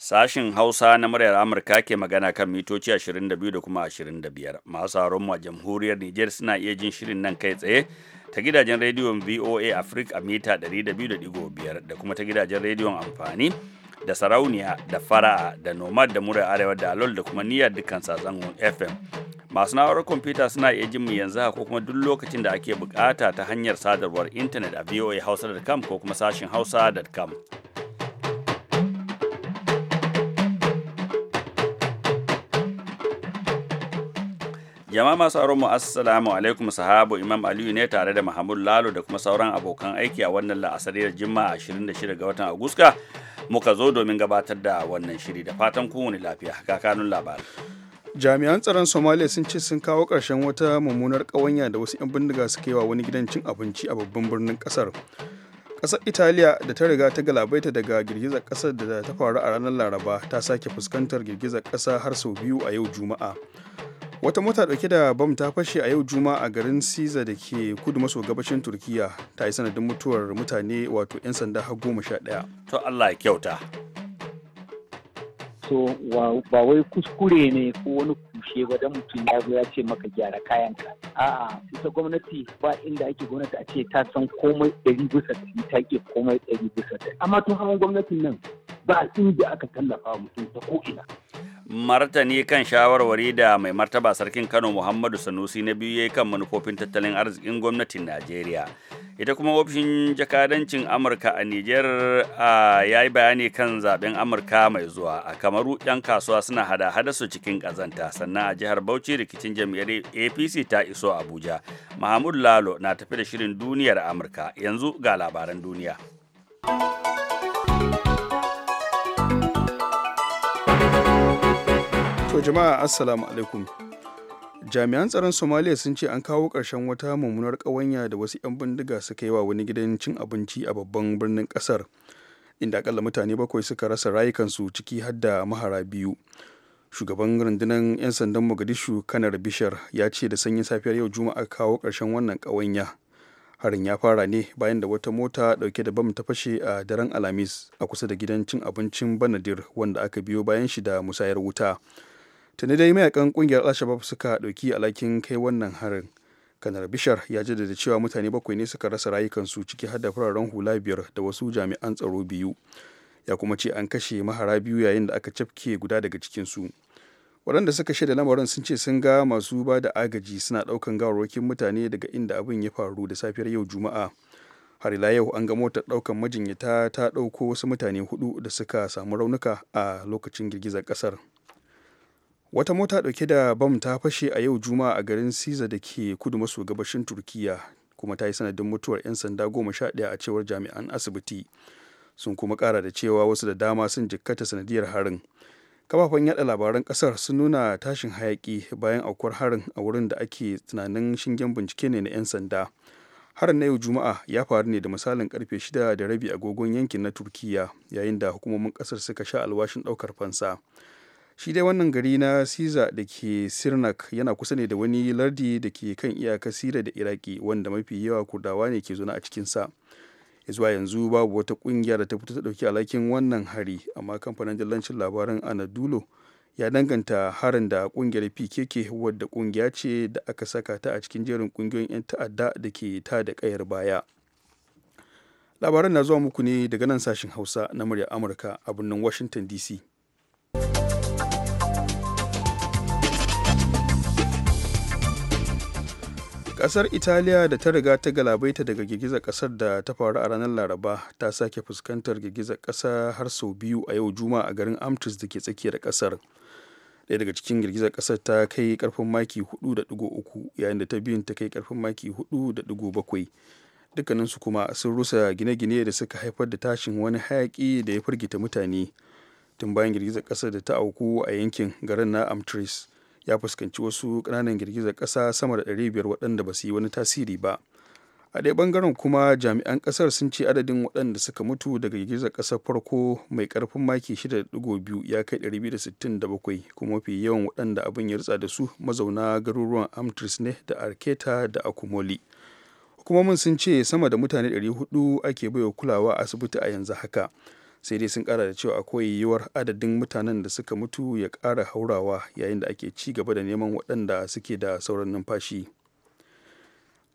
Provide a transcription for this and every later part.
Sashin Hausa na muryar Amurka ke magana kan mitoci 22 da kuma 25. Masu haron a jamhuriyar Nijar suna iya jin shirin nan kai tsaye ta gidajen rediyon VOA Africa a mita 200.5 da kuma ta gidajen rediyon amfani da sarauniya da fara'a da nomad da murar arewa da alol da kuma niyyar dukkan sazangon fm masu na'urar kwamfuta suna iya jin mu yanzu ko kuma duk lokacin da ake bukata ta hanyar sadarwar intanet a hausa.com ko kuma sashin hausa.com jama masu aron mu assalamu alaikum sahabu Imam Aliyu ne tare da Muhammadu Lalo da kuma sauran abokan aiki a wannan la'asariyar Juma'a 26 ga watan Agusta muka zo domin gabatar da wannan shiri da fatan kowane lafiya ga kanun labarai. Jami'an tsaron Somalia sun ce sun kawo ƙarshen wata mummunar ƙawanya da wasu 'yan bindiga suka yi wa wani gidan cin abinci a babban birnin ƙasar. ƙasar italiya da ta riga ta galabaita daga girgizar kasar da ta faru a ranar laraba ta sake fuskantar girgizar kasa har sau biyu a yau juma'a wata mota dauke da bam ta fashe a yau juma a garin siza da ke kudu maso gabashin turkiya ta yi sanadin mutuwar mutane wato 'yan sanda har goma sha ɗaya to allah ya kyauta so ba wai kuskure ne ko wani kushe ba dan mutum ya zo ya ce maka gyara kayan kayanka a'a ita gwamnati ba inda ake gwamnati a ce ta san komai ɗari bisa ɗari ta ke komai ɗari bisa ɗari amma tun hawan gwamnatin nan ba inda aka tallafa mutum ta ko'ina. martani kan shawarwari da mai martaba sarkin kano muhammadu sanusi na biyu ya yi kan manufofin tattalin arzikin gwamnatin najeriya ita kuma ofishin jakadancin amurka a niger ya yi bayani kan zaben amurka mai zuwa a kamaru yan kasuwa suna hada-hada su cikin kazanta sannan a jihar bauchi rikicin jam'iyyar apc ta iso abuja mahmud lalo na tafi da shirin duniyar amurka yanzu ga labaran duniya To jama'a assalamu alaikum. Jami'an tsaron Somalia sun ce an kawo ƙarshen wata mummunar ƙawanya da wasu 'yan bindiga suka yi wa wani gidan cin abinci a babban birnin ƙasar, inda akalla mutane bakwai suka rasa rayukansu ciki har da mahara biyu. Shugaban rundunar 'yan sandan Mogadishu Kanar Bishar ya ce da sanyin safiyar yau Juma'a kawo ƙarshen wannan ƙawanya. Harin ya fara ne bayan da wata mota ɗauke da bam ta fashe a daren Alhamis a kusa da gidan cin abincin Banadir wanda aka biyo bayan shi da musayar wuta. tuni dai mayakan kungiyar alshabab suka ɗauki alhakin kai wannan harin kanar bishar ya jaddada cewa mutane bakwai ne suka rasa rayukansu ciki har da fararen hula biyar da wasu jami'an tsaro biyu ya kuma ce an kashe mahara biyu yayin da aka cafke guda daga cikinsu waɗanda suka shaida lamarin sun ce sun ga masu ba da agaji suna ɗaukan gawarwakin mutane daga inda abin ya faru da safiyar yau juma'a har ila yau an ga motar ɗaukan majinyata ta ɗauko wasu mutane hudu da suka samu raunuka a lokacin girgizar ƙasar wata mota dauke da bam ta fashe a yau juma'a a garin siza da ke kudu maso gabashin turkiya kuma ta yi sanadin mutuwar 'yan sanda goma sha daya a cewar jami'an asibiti sun kuma kara da cewa wasu da dama sun jikkata sanadiyar harin kafafen yada labaran kasar sun nuna tashin hayaki bayan aukuwar harin a wurin da ake tunanin shingen bincike ne na 'yan sanda harin na yau juma'a ya faru ne da misalin karfe shida da rabi agogon yankin na turkiya yayin da hukumomin kasar suka sha alwashin daukar fansa shi dai wannan gari na siza da ke sirnak yana kusa ne da wani lardi da ke kan iyaka sira da iraki wanda mafi yawa kudawa ne ke zuna a cikinsa zuwa yanzu babu wata kungiya da ta fito ta dauki alhakin wannan hari amma kamfanin jallancin labaran anadulo ya danganta harin da kungiyar pkk wadda kungiya ce da aka saka ta a cikin jerin kungiyoyin 'yan ta'adda da ke ta da kayar baya labaran na zuwa muku ne daga nan sashen hausa na murya amurka a birnin washington dc kasar italiya da ta riga ta galabaita daga girgizar kasar da ta faru a ranar laraba ta sake fuskantar girgizar kasa har sau biyu a yau juma a garin amtris da ke tsakiyar kasar daya daga cikin girgizar kasar ta kai karfin maki 4.3 yayin da ta biyun ta kai karfin maki 4.7 dukkaninsu kuma sun rusa gine-gine da suka haifar da tashin wani hayaki da ya firgita mutane tun bayan girgizar kasar da ta auku a yankin garin na amtris ya fuskanci wasu ƙananan girgizar ƙasa sama da 500 waɗanda ba su yi wani tasiri ba a ɗaya ɓangaren kuma jami'an ƙasar sun ce adadin waɗanda suka mutu daga girgizar ƙasar farko mai ƙarfin maki 6.2 ya kai 267 kuma mafi yawan waɗanda abin ya rutsa da su mazauna garuruwan amtris ne da arketa da akumoli hukumomin sun ce sama da mutane 400 ake baiwa kulawa a asibiti a yanzu haka sai dai sun kara da cewa akwai yiwuwar adadin mutanen da suka mutu ya kara haurawa yayin da ake ci gaba da neman waɗanda suke da sauran numfashi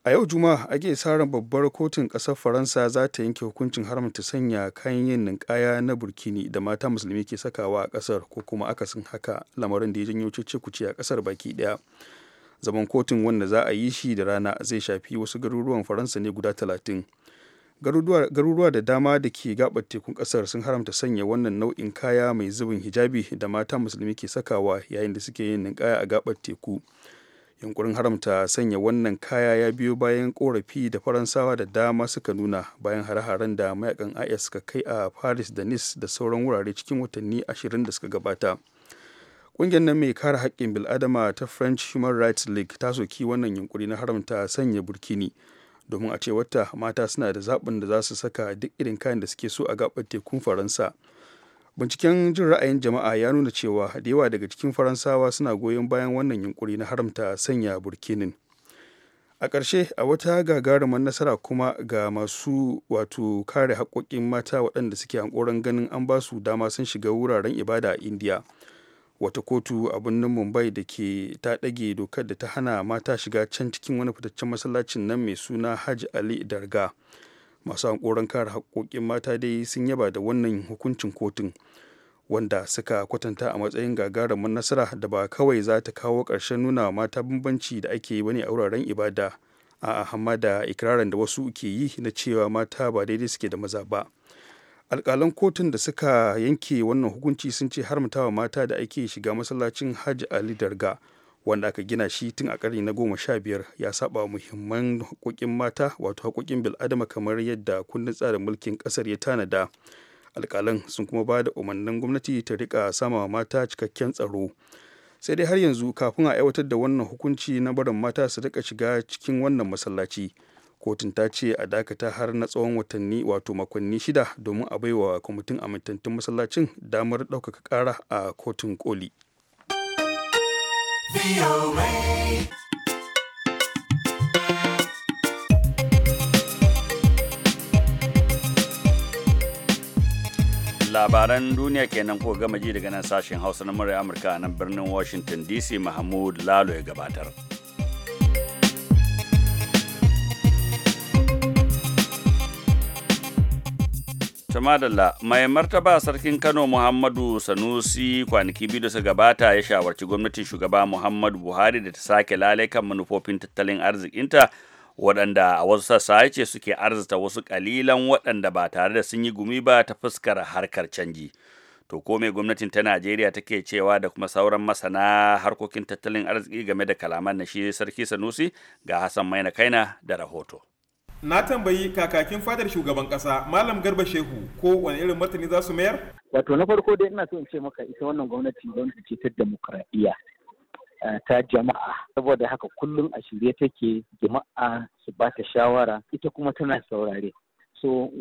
a yau juma'a ake tsarin babbar kotun ƙasar faransa za ta yanke hukuncin haramta sanya kayan yin ninkaya na burkini da mata musulmi ke sakawa a ƙasar ko kuma akasin haka lamarin da ya janyo cece a ƙasar baki ɗaya zaman kotun wanda za a yi shi da rana zai shafi wasu garuruwan faransa ne guda talatin garuruwa da dama da ke gabar tekun kasar sun haramta sanya wannan nau'in kaya mai zubin hijabi da mata musulmi ke sakawa yayin da suke yin ninkaya a gabar teku yankurin haramta sanya wannan kaya ya biyo bayan korafi da faransawa da dama suka nuna bayan hare-haren da mayakan is suka kai a paris da nice da sauran wurare cikin watanni ashirin da suka gabata ƙungiyar nan mai kare haƙƙin bil'adama ta french human rights league ta soki wannan yunkuri na haramta sanya burkini domin a ce wata mata suna da zaɓin da za su saka duk irin kayan da suke so a gaɓar tekun faransa binciken jin ra'ayin jama'a ya nuna cewa da yawa daga cikin faransawa suna goyon bayan wannan yunkuri na haramta sanya burkinin a ƙarshe a wata gagarumar nasara kuma ga masu wato kare haƙoƙin mata waɗanda suke hankoron ganin an ba su dama sun shiga wuraren ibada a indiya wata kotu a birnin mumbai da ke ta ɗage dokar da ta hana mata shiga can cikin wani fitaccen masallacin nan mai suna hajji ali darga masu hankoron kare haƙoƙin mata dai sun yaba da wannan hukuncin kotun wanda suka kwatanta a matsayin gagarumin nasara da ba kawai za ta kawo ƙarshen nuna mata bambanci da ake yi bane a wuraren ibada a'a hamma da ikirarin da wasu ke yi na cewa mata ba daidai suke da maza ba. alkalan kotun da suka yanke wannan hukunci sun ce mutawa mata da ake shiga masallacin hajji ali darga wanda aka gina shi tun a karni na goma sha biyar ya saba muhimman haƙoƙin mata wato haƙoƙin bil'adama kamar yadda kundin tsarin mulkin ƙasar ya tanada alƙalan sun kuma ba da umarnin gwamnati ta rika sama mata cikakken tsaro sai dai har yanzu kafin a aiwatar da wannan hukunci na barin mata su rika shiga cikin wannan masallaci kotun ta ce a dakata har na tsawon watanni wato makonni shida domin a baiwa kwamitin amintattun masallacin damar ɗaukaka ƙara a kotun koli labaran duniya kenan kuka gama ji daga nan sashen hausa na murai amurka a nan birnin washington dc mahmud lalo ya gabatar Jama'adalla mai martaba sarkin Kano Muhammadu Sanusi kwanaki biyu da su gabata ya shawarci gwamnatin shugaba Muhammadu Buhari da ta sake lalai kan manufofin tattalin arzikinta waɗanda a wasu sassa ya ce suke arzita wasu ƙalilan waɗanda ba tare da sun yi gumi ba ta fuskar harkar canji. To ko mai gwamnatin ta Najeriya take cewa da kuma sauran masana harkokin tattalin arziki game da kalaman na shi sarki Sanusi ga Hassan Maina Kaina da rahoto. na tambayi kakakin fadar shugaban kasa malam garba shehu ko wani irin martani za su mayar wato na farko dai ina so in ce maka ita wannan gwamnati gwamnati ce ta demokradiyya ta jama'a saboda haka kullum a shirye take jama'a su ba ta shawara ita kuma tana saurare so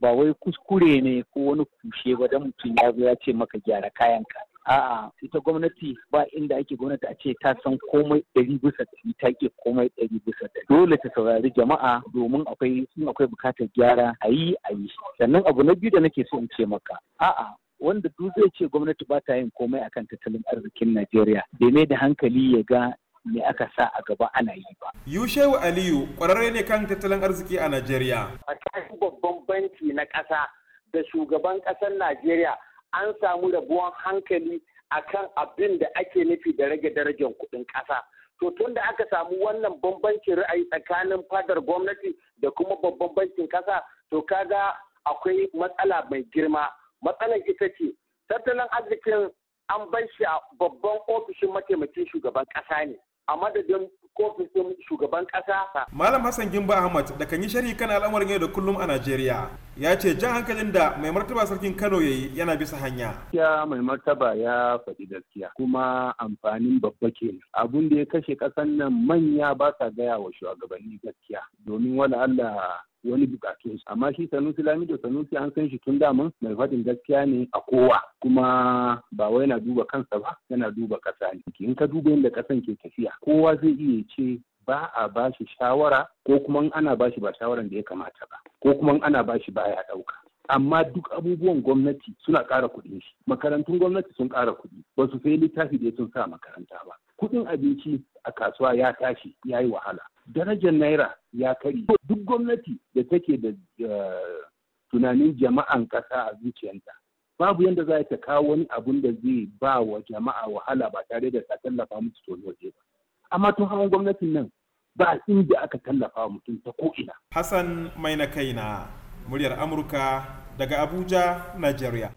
ba wai kuskure ne ko wani kushe ba dan mutum ya zo ya ce maka gyara kayanka a'a ita gwamnati ba inda ake gwamnati a ce ta san komai ɗari bisa ɗari ta ke komai ɗari bisa ɗari dole ta saurari jama'a domin akwai sun akwai bukatar gyara a yi a yi sannan abu na biyu da nake so in ce maka a'a wanda duk zai ce gwamnati ba ta yin komai akan tattalin arzikin Najeriya da mai da hankali ya ga me aka sa a gaba ana yi ba. Yushewu Aliyu kwararre ne kan tattalin arziki a Najeriya. A babban banki na ƙasa da shugaban ƙasar Najeriya an samu rabuwan hankali akan abin da ake nufi da rage darajar kuɗin ƙasa. To tun da aka samu wannan bambancin ra'ayi tsakanin fadar gwamnati da kuma babban bankin ƙasa, to kaga akwai matsala mai girma. Matsalar ita ce, tattalin arzikin an bar shi a babban ofishin mataimakin shugaban ƙasa ne. A madadin ofishin shugaban ƙasa. Malam Hassan Gimba Ahmad da kan yi sharhi kan al'amarin yau da kullum a Najeriya ya ce jan hankalin da mai martaba sarkin Kano ya yi yana bisa hanya. Ya mai martaba ya faɗi gaskiya kuma amfanin babba kenan. Abun da ya kashe ƙasan nan manya ba sa gaya wa shugabanni gaskiya domin wani Allah wani bukatun su amma shi sanusi lamido sanusi an san shi tun daman mai faɗin gaskiya ne a kowa kuma ba wai yana duba kansa ba yana duba ƙasa ne in ka duba yadda ƙasan ke tafiya kowa zai iya ce ba a ba shi shawara ko kuma ana ba shi ba shawaran da ya kamata ba ko kuma ana ba shi baya ɗauka amma duk abubuwan gwamnati suna ƙara kuɗin shi makarantun gwamnati sun ƙara kuɗi ba su sai littafi da sun sa makaranta ba kuɗin abinci a kasuwa ya tashi ya yi wahala darajar naira ya kari duk gwamnati da take da eh, tunanin jama'an ƙasa a zuciyarta babu yadda za ta kawo wani abun da zai ba wa jama'a wahala ba tare da ta tallafa musu to waje ba amma tun hawan gwamnatin nan ba inda aka tallafa mutum ta ko'ina hassan mai na kaina muryar amurka daga abuja nigeria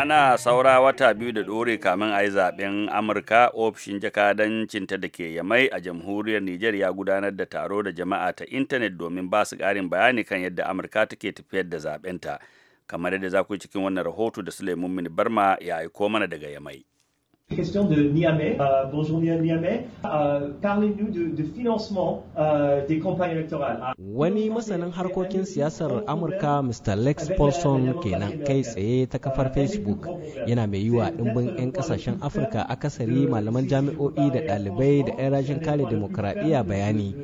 ana saura wata biyu da ɗore kamin a yi zaɓen amurka ofishin jakadancinta da ke yamai a jamhuriyar nijar ya gudanar da taro da jama'a ta intanet domin ba su ƙarin bayani kan yadda amurka take tafiyar da zaɓenta kamar yadda za ku yi cikin wannan rahoto da suleiman barma ya aiko mana daga yamai Question de Niamey. Euh, bonjour Niamey. Euh, Parlez-nous de, de, financement euh, des campagnes électorales. Ah. Wani masanin harkokin siyasar Amurka Mr. Lex Paulson kenan kai tsaye ta kafar euh, Facebook yana mai yiwa ɗimbin 'yan ƙasashen Afirka akasari malaman jami'o'i da ɗalibai da 'yan rajin kare demokuraɗiyya bayani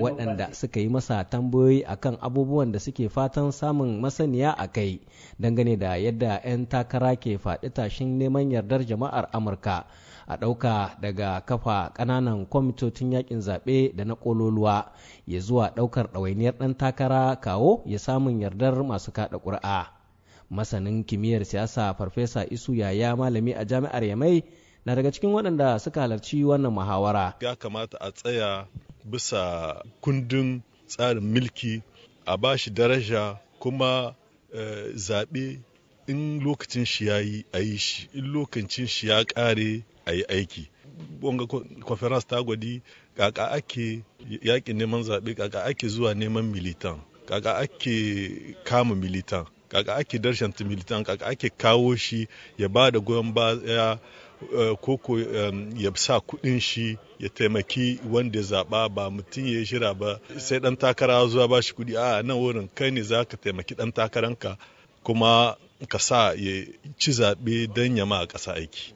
waɗanda suka yi masa tambayoyi akan abubuwan da suke fatan samun masaniya a kai dangane da yadda 'yan takara ke faɗi tashin neman yardar jama'ar Amurka. ta a ɗauka daga kafa ƙananan kwamitocin yakin zaɓe da na ƙololuwa ya zuwa ɗaukar ɗawainiyar ɗan takara kawo ya samun yardar masu kaɗa ƙuri'a masanin kimiyyar siyasa farfesa isu yaya malami a jami'ar yamai na daga cikin waɗanda suka halarci wannan muhawara ya kamata a tsaya bisa kundin tsarin mulki a ba bashi daraja kuma eh, zaɓe in lokacin shi ya yi a yi shi in lokacin shi ya kare a yi aiki wanga conference ta gwadi kaka ake yakin neman zaɓe kaka ake zuwa neman militan kaka ake kama militan kaka ake darshanta militan kaka ake kawo shi ya ba da goyon ya koko eh, ya sa kuɗin shi ya taimaki wanda ya zaɓa ba mutum ya shira ba sai ɗan takara zuwa ba shi kuɗi a nan wurin kai ne za ka taimaki ɗan takaranka kuma ka ya ci zaɓe don ya ma ƙasa aiki.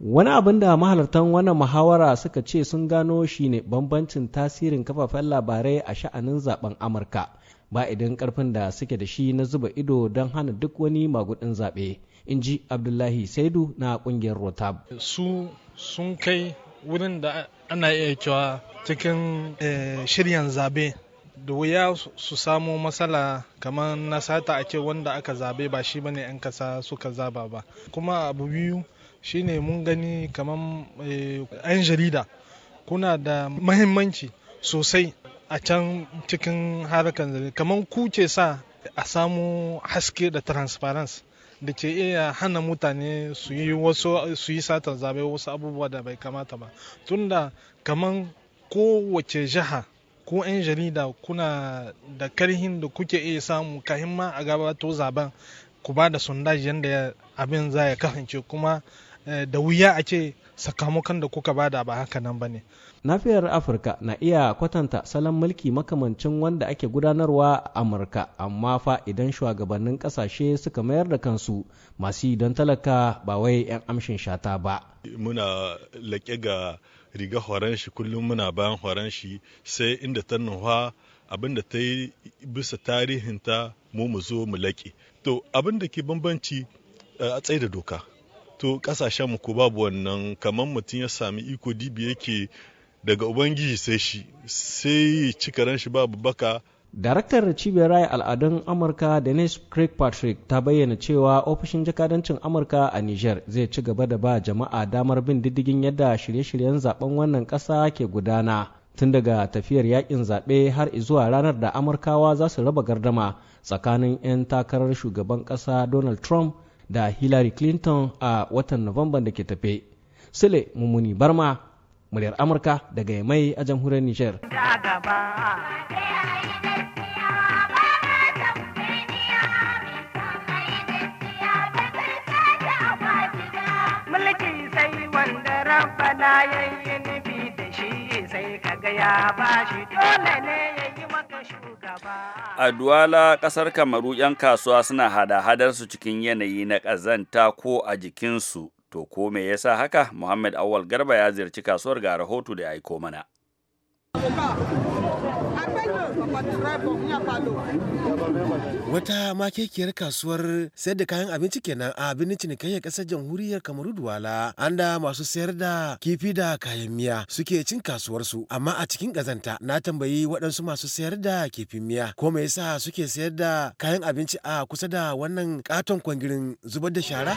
Wani abin da mahalartan wannan muhawara suka ce sun gano shi ne bambancin tasirin kafafen labarai a sha'anin zaben Amurka ba idan karfin da suke da shi na zuba ido don hana duk wani magudin zaɓe. In ji Abdullahi Saidu na ƙungiyar Rotab. Su sun kai wurin da ana iya cewa cikin eh, shiryan zaɓe. da wuya su samu matsala kamar na sata a ce wanda aka zabe ba shi bane 'yan kasa suka zaba ba kuma abu biyu shine mun gani kamar 'yan eh, jarida kuna da mahimmanci sosai a can cikin harkar zari kamar ku ce sa a samu haske da transparency da ke iya hana mutane su yi wasu su yi satar zabe wasu abubuwa da bai kamata ba tunda kamar kowace jiha ko 'yan jarida kuna da karhin da kuke iya samu kahin ma a gabato zaben ku ba da sondaji yadda abin za ya kasance kuma eh, da wuya a ce sakamakon da kuka bada ba haka nan ba ne. Nafiyar Afirka na iya kwatanta salon mulki makamancin wanda ake gudanarwa a Amurka, amma fa idan shugabannin kasashe suka mayar da kansu masu don talaka ba wai 'yan amshin shata ba. Muna laƙe ga riga horon shi kullum muna bayan horon shi sai inda ta nuha abin da ta yi bisa tarihinta mu mu zo mu laƙe to abin da ke bambanci eh, a tsaye da doka to ƙasashen ko babu wannan kamar mutum ya sami iko dibi yake daga ubangiji sai shi sai cikaran shi babu baka Daraktar Cibiyar Raya Al'adun Amurka Denise Craig Patrick ta bayyana cewa ofishin jakadancin Amurka a niger zai ci gaba da ba jama'a damar bin diddigin yadda shirye-shiryen zaben wannan ƙasa ke gudana tun daga tafiyar yakin zaɓe har zuwa ranar da Amurkawa za su raba gardama tsakanin 'yan takarar shugaban ƙasa Donald Trump da Hillary Clinton a watan Nuwamban da ke tafe. Sule Mumuni Barma, muryar Amurka daga yamai a jamhuriyar Nijar. rabbana yayi da shi sai kaga ya bashi dole ne yayi maka shugaba a duwala kasar kamaru yan kasuwa suna hada-hadar cikin yanayi na ƙazanta ko a jikinsu to ko me yasa haka muhammad awal garba ya ziyarci kasuwar ga rahoto da ya aiko mana Wata makekiyar kasuwar sayar da kayan abinci kenan a birnin cinikayyar ƙasar jamhuriyar Kamaru Duwala an da masu sayar da kifi da kayan miya suke cin kasuwarsu amma a cikin kazanta na tambayi waɗansu masu sayar da kifin miya ko me yasa suke sayar da kayan abinci a kusa da wannan katon kwangirin zubar da shara?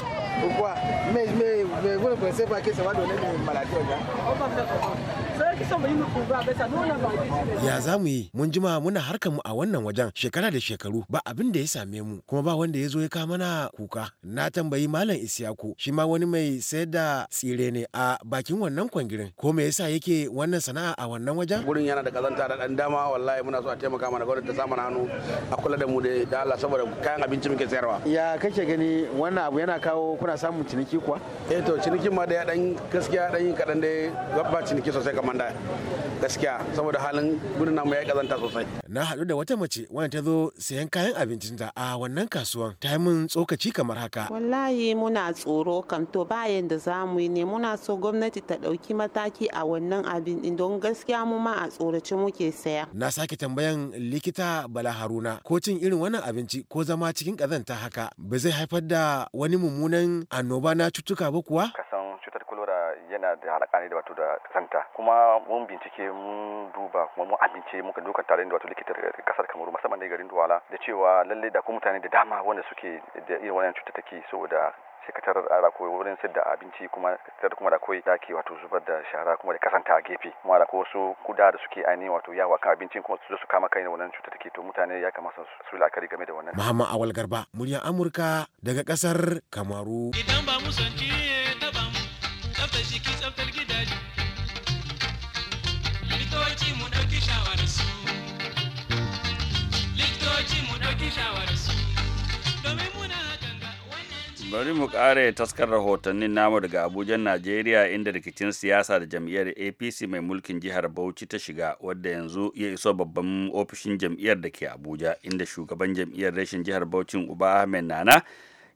ya za mu yi mun jima muna harkar mu a wannan wajen shekara da shekaru ba abin da ya same mu kuma ba wanda ya zo ya kawo mana kuka na tambayi malam Isiyako shi ma wani mai sayar da tsire ne a bakin wannan kwangirin ko me yasa yake wannan sana'a a wannan wajen gurin yana da kazanta da dan dama wallahi muna so a taimaka mana gwamnati ta samu hannu a kula da mu da Allah saboda kayan abinci muke sayarwa ya kake gani wannan abu yana kawo kuna samun ciniki kuwa eh to cinikin ma da ya dan gaskiya dan kadan dai gaba ciniki sosai kamar kwamanda gaskiya saboda halin gudun namu ya kazanta sosai na haɗu da wata mace wanda ta zo sayan kayan abincin abincinta a wannan kasuwan ta yi min tsokaci kamar haka wallahi muna tsoro kam to bayan da za mu yi ne muna so gwamnati ta ɗauki mataki a wannan abin don gaskiya mu ma a tsorace muke saya na sake tambayan likita bala haruna ko cin irin wannan abinci ko zama cikin kazanta haka ba zai haifar da wani mummunan annoba na cutuka ba kuwa yana da alaƙa ne da wato da kazanta kuma mun bincike mun duba kuma mun amince muka duka tare da wato likitar kasar kamaru musamman da garin duwala da cewa lalle da kuma mutane da dama wanda suke da irin wannan so saboda sai ka tarar da koyi wurin sayar da abinci kuma tarar kuma da koyi da ke wato zubar da shara kuma da kasanta a gefe kuma da wasu kuda da suke ainihin wato yawa kan abinci kuma su su kama kai wannan cuta take to mutane ya kamata su la'akari game da wannan Muhammad Awal Garba murya Amurka daga kasar Kamaru idan ba mu san mu ɗauki bari mu kare taskar rahotannin namu daga abuja najeriya inda rikicin siyasa da jam'iyyar apc mai mulkin jihar bauchi ta shiga wadda yanzu ya iso babban ofishin jam'iyyar da ke abuja inda shugaban jam'iyyar rashin jihar bauchi uba ahmed nana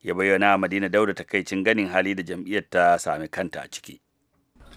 ya bayyana madina dauda takaicin ganin hali da jam'iyyar ta sami kanta a ciki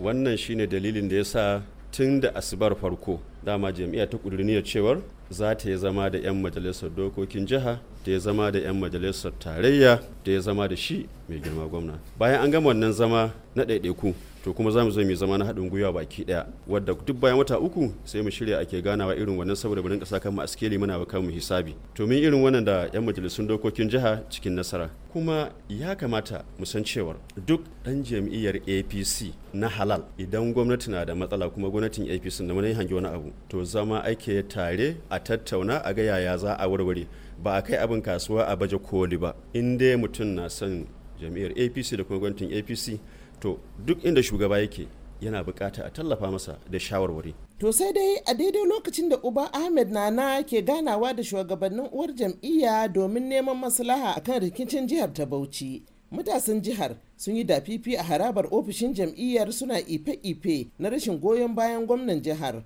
wannan shine dalilin da ya sa tun da asibar farko dama jam'iyya ta ƙudurniyar cewar za ta zama da 'yan majalisar dokokin jiha da ya zama da 'yan majalisar tarayya da ya zama da shi mai girma gwamna bayan an gama wannan zama na ɗaiɗaiku to kuma za mu zo mai zama na haɗin gwiwa baki ɗaya wadda duk bayan wata uku sai mu shirya ake ganawa irin wannan saboda mu rinka saka mu askeli muna ba mu hisabi to mun irin wannan da yan majalisun dokokin jiha cikin nasara kuma ya kamata mu san cewar duk ɗan jam'iyyar APC na halal idan gwamnati na da matsala kuma gwamnatin APC na mun hangi wani abu to zama ake tare a tattauna a ga yaya za a warware ba a kai abin kasuwa a baje koli ba in dai mutum na son jam'iyyar apc da kuma gwamnatin apc to duk inda shugaba yake yana bukata a tallafa masa da shawarwari to sai dai a daidai lokacin da uba ahmed nana ke ganawa da shugabannin uwar jam'iyya domin neman maslaha akan rikicin jihar ta bauchi matasan jihar sun yi dafifi a harabar ofishin jam'iyyar suna ife-ife na rashin goyon bayan gwamnan jihar.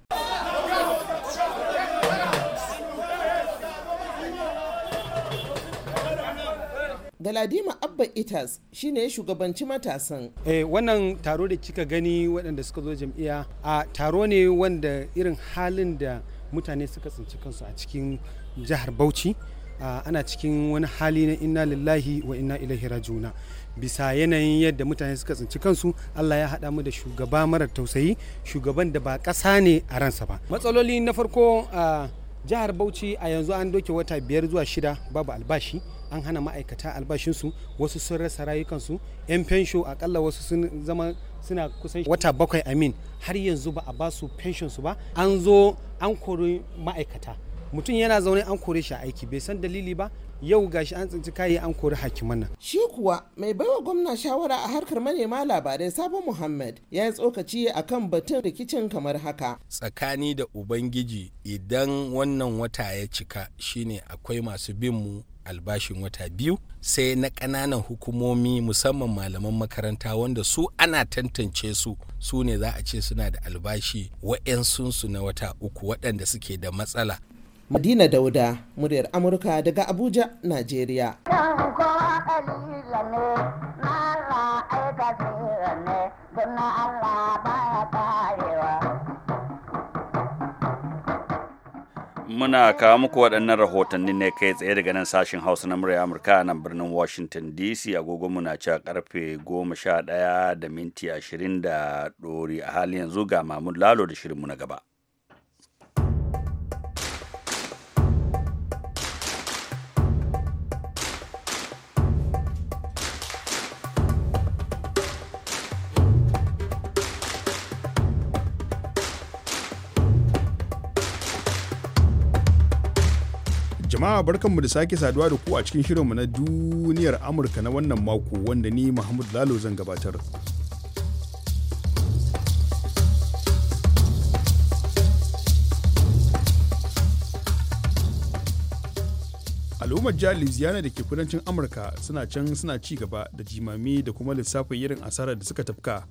Galadima Abba Itas shine ya shugabanci matasan. Eh wannan taro da kika gani waɗanda suka zo jam'iyya a taro ne wanda irin halin da mutane suka tsinci kansu a cikin jihar Bauchi. ana cikin wani hali na inna lillahi wa inna ilaihi rajuna bisa yanayin yadda mutane suka tsinci kansu Allah ya haɗa mu da shugaba marar tausayi shugaban da ba ƙasa ne a ransa ba matsaloli na farko a jihar Bauchi a yanzu an doke wata biyar zuwa shida babu albashi an hana ma'aikata albashinsu wasu sun rasa rayukansu 'yan fensho akalla wasu sun zama suna kusan wata bakwai amin har yanzu ba a basu su ba an zo an kori ma'aikata mutum yana zaune an kori shi aiki bai san dalili ba yau gashi an tsinci kayi an kori hakiman nan. Shi kuwa mai baiwa gwamna shawara a harkar manema labarai Sabo Muhammad ya yi tsokaci a kan batun rikicin kamar haka. Tsakani da Ubangiji idan wannan wata ya cika shine akwai masu bin mu albashin wata biyu sai na ƙananan hukumomi musamman malaman makaranta wanda su ana tantance su su ne za a ce suna da albashi su na wata uku waɗanda suke da matsala madina dauda muryar amurka daga abuja najeriya Allah baya muna kawo muku waɗannan rahotanni ne kai tsaye daga nan sashen hausa na murya amurka a nan birnin washington dc agogonmu na cewa karfe ɗaya da minti ashirin da ɗori a halin yanzu ga mamun lalo da shirinmu na gaba Jama'a barkanmu da sake saduwa da ku a cikin shirinmu na duniyar Amurka na wannan mako wanda ni Muhammad Lalo zan gabatar. Al'ummar jihar Louisiana da ke kudancin Amurka suna can suna ci gaba da jimami da kuma lissafin irin asarar da suka tafka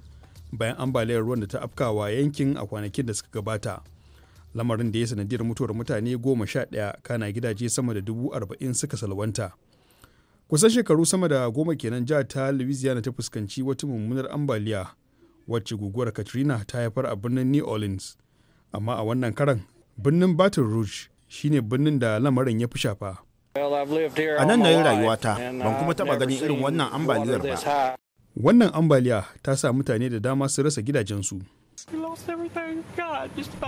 bayan ambaliyar ruwan da ta afkawa yankin a kwanakin da suka gabata. lamarin da ya sanadiyar mutuwar mutane goma sha ɗaya kana gidaje sama da dubu arba'in suka salwanta kusan shekaru sama da goma kenan jihar ta louisiana ta fuskanci wata mummunar ambaliya wacce guguwar katrina ta haifar a birnin new orleans amma a wannan karan birnin baton rouge shine birnin da lamarin ya fi shafa a nan na yi rayuwata ban kuma uh, taba ganin irin wannan ambaliyar ba wannan ambaliya ta sa mutane da dama su rasa gidajensu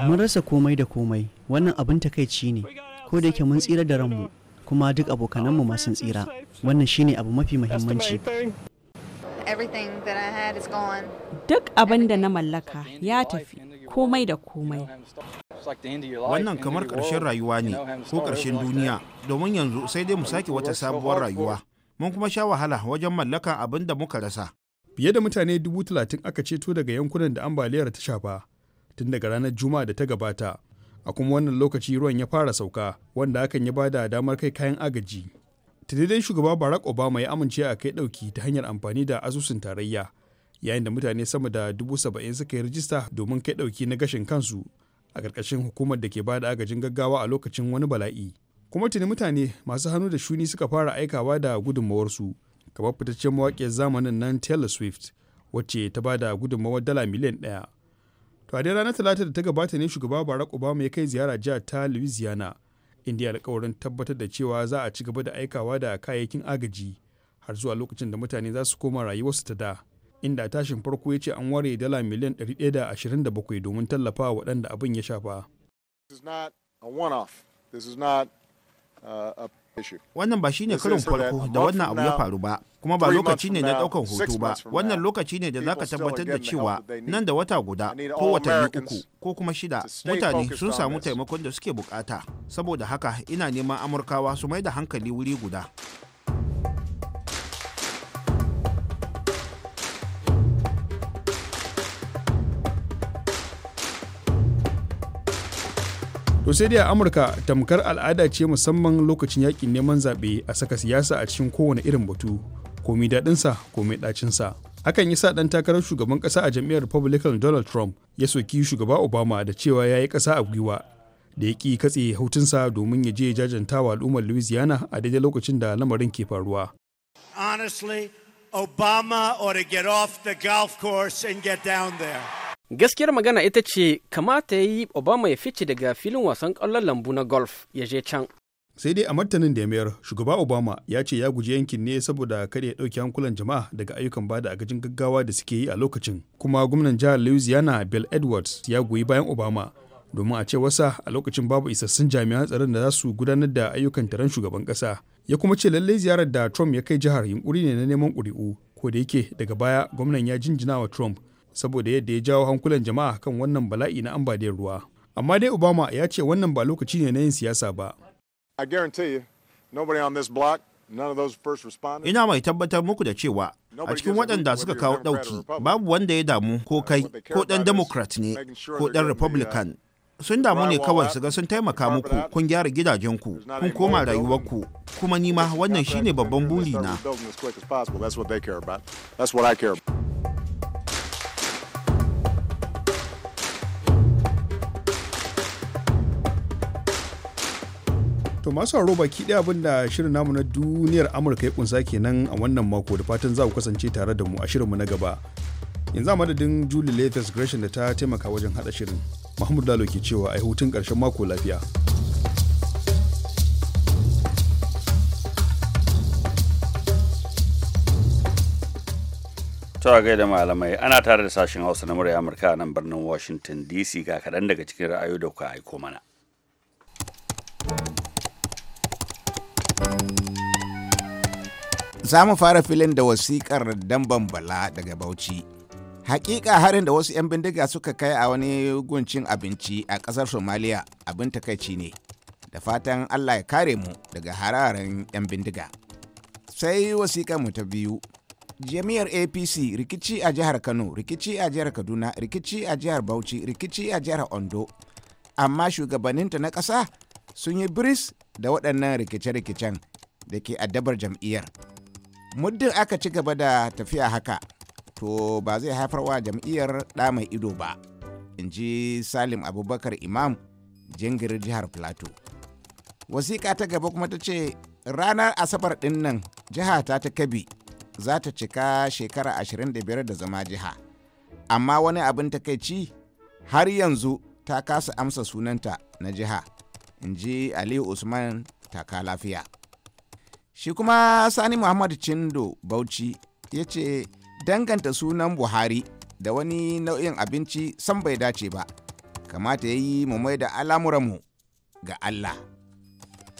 Mun rasa komai da komai, wannan abin takaici ne, ko da yake mun tsira da ranmu, kuma duk abokananmu masu tsira. Wannan shine abu mafi muhimmanci. Duk abin da na mallaka ya tafi, komai da komai. Wannan kamar ƙarshen rayuwa ne, ko ƙarshen duniya, domin yanzu sai dai mu sake wata sabuwar rayuwa. Mun kuma sha wahala wajen mallaka abin da muka rasa. fiye da mutane dubu talatin aka ceto daga yankunan da ambaliyar ta shafa tun daga ranar juma'a da ta gabata a kuma wannan lokaci ruwan ya fara sauka wanda hakan ya bada damar kai kayan agaji tadidai shugaba barack obama ya amince a kai ɗauki ta hanyar amfani da asusun tarayya yayin da mutane sama da dubu saba'in suka yi rijista domin kai ɗauki na gashin kansu a ƙarƙashin hukumar da ke bada agajin gaggawa a lokacin wani bala'i kuma tuni mutane masu hannu da shuni suka fara aikawa da gudunmawarsu kamar fitaccen mawaƙiyar zamanin nan Taylor Swift wacce ta ba da gudunmawar dala miliyan ɗaya. To a dai ranar Talata da ta gabata ne shugaba Barack Obama ya kai ziyara jihar ta Louisiana inda alkawarin tabbatar da cewa za a ci gaba da aikawa da kayayyakin agaji har zuwa lokacin da mutane za su koma rayuwarsu ta da. Inda tashin farko ya ce an ware dala miliyan 127 domin tallafa waɗanda abin ya shafa. This is not a one-off. This is not uh, a Wannan ba shine karin farko da wannan abu ya faru ba, kuma ba lokaci ne na ɗaukan hoto ba, wannan lokaci ne da za ka tabbatar da cewa nan da wata guda ko watanni uku ko kuma shida mutane sun samu taimakon da suke bukata. Saboda haka ina neman Amurkawa su mai da hankali wuri guda. to sai dai a amurka tamkar al'ada ce musamman lokacin yakin neman zaɓe a saka siyasa a cikin kowane irin batu komi daɗinsa komai ɗacinsa hakan ya sa ɗan takarar shugaban ƙasa a jam'iyyar republican donald trump ya soki shugaba obama da cewa ya yi ƙasa a gwiwa da ya ƙi katse hautunsa domin ya je jajantawa al'ummar louisiana a daidai lokacin da lamarin ke faruwa honestly obama ought to get off the golf course and get down there gaskiyar magana ita ce kamata ya yi obama ya fice daga filin wasan ƙwallon lambu na golf ya je can sai dai a martanin da mayar shugaba obama ya ce ya guji yankin ne saboda kada ya ɗauki hankulan jama'a daga ayyukan bada agajin gaggawa da suke yi a lokacin kuma gwamnan jihar louisiana bill edwards ya goyi bayan obama domin a ce wasa a lokacin babu isassun jami'an tsaron da za su gudanar da ayyukan taron shugaban ƙasa ya kuma ce lallai ziyarar da trump ya kai jihar yunkuri ne na neman ƙuri'u ko da yake daga baya gwamnan ya jinjina wa trump saboda yadda ya jawo hankulan jama'a kan wannan bala'i na ambaliyar ruwa amma dai obama ya ce wannan ba lokaci ne na yin siyasa ba ina mai tabbatar muku da cewa a cikin waɗanda suka kawo ɗauki babu wanda ya damu ko kai ko ɗan democrat ne ko ɗan uh, republican sun damu ne kawai su ga sun taimaka muku kun gyara gidajenku kun koma rayuwarku kuma nima wannan shine babban burina To masu haro baki ɗaya abin da shirin namu na duniyar Amurka ya kunsa kenan a wannan mako da fatan za ku kasance tare da mu a shirinmu na gaba. Yanzu a madadin Julie Lathes Gresham da ta taimaka wajen haɗa shirin. Mahmud Lalo ke cewa a hutun karshen mako lafiya. Tawa gaida malamai ana tare da sashen Hausa na murya Amurka nan birnin Washington DC ga kaɗan daga cikin ra'ayoyi da kuka aiko mana. Za mu fara filin da wasiƙar damban bala daga Bauchi. Hakika harin da wasu 'yan bindiga suka kai a wani guncin abinci a ƙasar Somaliya abin takaici ne. Da fatan Allah ya kare mu daga hararen 'yan bindiga. Sai wasiƙar mu ta biyu. Jami'ar APC rikici a jihar Kano, rikici a jihar Kaduna, rikici a jihar Bauchi, rikici a jihar Ondo. Amma shugabanninta na ƙasa sun yi biris da waɗannan rikice-rikicen da ke addabar jam'iyyar muddin aka ci gaba da tafiya haka to ba zai haifar wa jam'iyyar ɗa mai ido ba in ji salim abubakar imam jingirin jihar plateau wasiƙa ta gaba kuma ta ce ranar asabar ɗin nan jiha ta ta kabi za ta cika shekara 25 da zama jiha amma wani abin takaici har yanzu ta kasa amsa sunanta na jiha in ji aliyu usman taka lafiya shi kuma sani muhammad cindo bauchi ya ce danganta sunan buhari da wani nau'in abinci san bai dace ba kamata ya yi mu mai da alamuranmu ga allah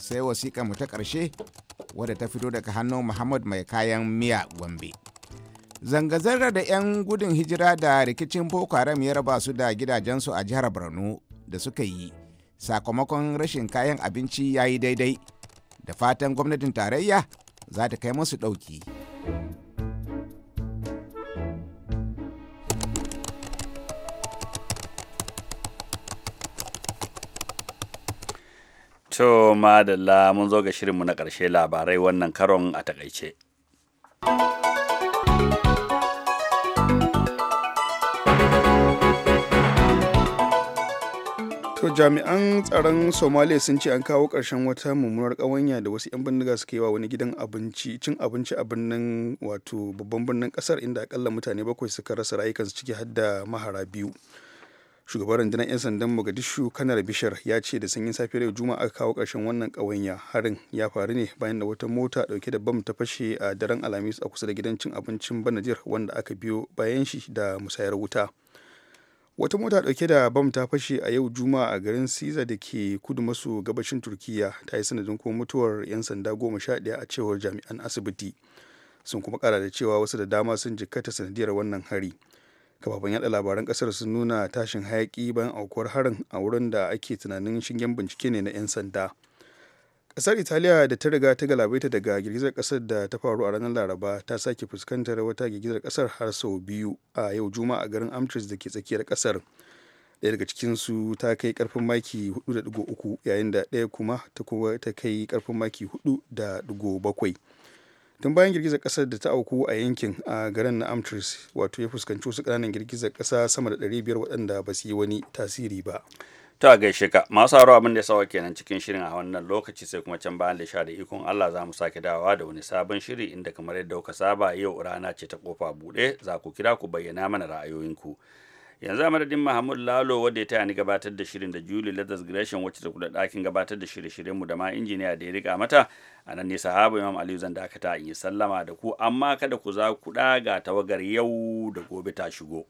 sai wasiƙa mu ta ƙarshe wadda ta fito daga hannun muhammad mai kayan miya gombe zanga-zangar da 'yan gudun hijira da rikicin boko haram ya raba su da gidajensu a jihar borno da suka yi sakamakon rashin kayan abinci ya yi daidai da fatan gwamnatin tarayya za ta kai masu ɗauki. To madalla mun zo ga shirinmu na ƙarshe labarai wannan karon a takaice. jami'an tsaron somalia sun ce an kawo ƙarshen wata mummunar ƙawanya da wasu 'yan bindiga suka yi wa wani gidan abinci cin abinci a birnin wato babban birnin ƙasar inda akalla mutane bakwai suka rasa rayukansu ciki har da mahara biyu shugaban rundunar 'yan sandan mogadishu kanar bishar ya ce da sanyin safiyar juma'a aka kawo ƙarshen wannan ƙawanya harin ya faru ne bayan da wata mota ɗauke da bam ta fashe a daren alhamis a kusa da gidan cin abincin banajir wanda aka biyo bayan shi da musayar wuta wata mota dauke da bam ta fashe a yau juma'a a garin siza da ke kudu maso gabashin turkiya ta yi sanadin kuma mutuwar 'yan sanda goma sha daya a cewar jami'an asibiti sun kuma kara da cewa wasu da dama sun jikkata sanadiyar wannan hari kafafen yada labaran kasar sun nuna tashin hayaki bayan aukuwar harin a wurin da ake tunanin shingen bincike ne na 'yan sanda kasar italiya da ta riga ta galabaita daga girgizar kasar da ta faru a ranar laraba ta sake fuskantar wata girgizar kasar har sau biyu a yau juma'a a garin amtris da ke tsakiyar kasar daya daga cikinsu ta kai karfin maki 4.3 yayin da daya kuma ta kuma ta kai karfin maki 4.7 tun bayan girgizar kasar da ta auku a yankin a garin na amtris wato ya fuskanci wasu ƙananan girgizar ƙasa sama da 500 waɗanda ba su yi wani tasiri ba ta gaishe ka masu haro abin da ya sawa kenan cikin shirin a wannan lokaci sai kuma can bayan da sha da ikon Allah za mu sake dawowa da wani sabon shiri inda kamar yadda kuka saba yau rana ce ta kofa buɗe za ku kira ku bayyana mana ra'ayoyinku yanzu a madadin Mahmud Lalo wanda ya taya ni gabatar da shirin da Julie Leathers Gresham wacce ta kula dakin gabatar da shirye-shiryen mu da ma injiniya da ya rika mata a nan ne sahaba Imam Aliyu zan dakata in yi sallama da ku amma kada ku za ku ɗaga tawagar yau da gobe ta shigo.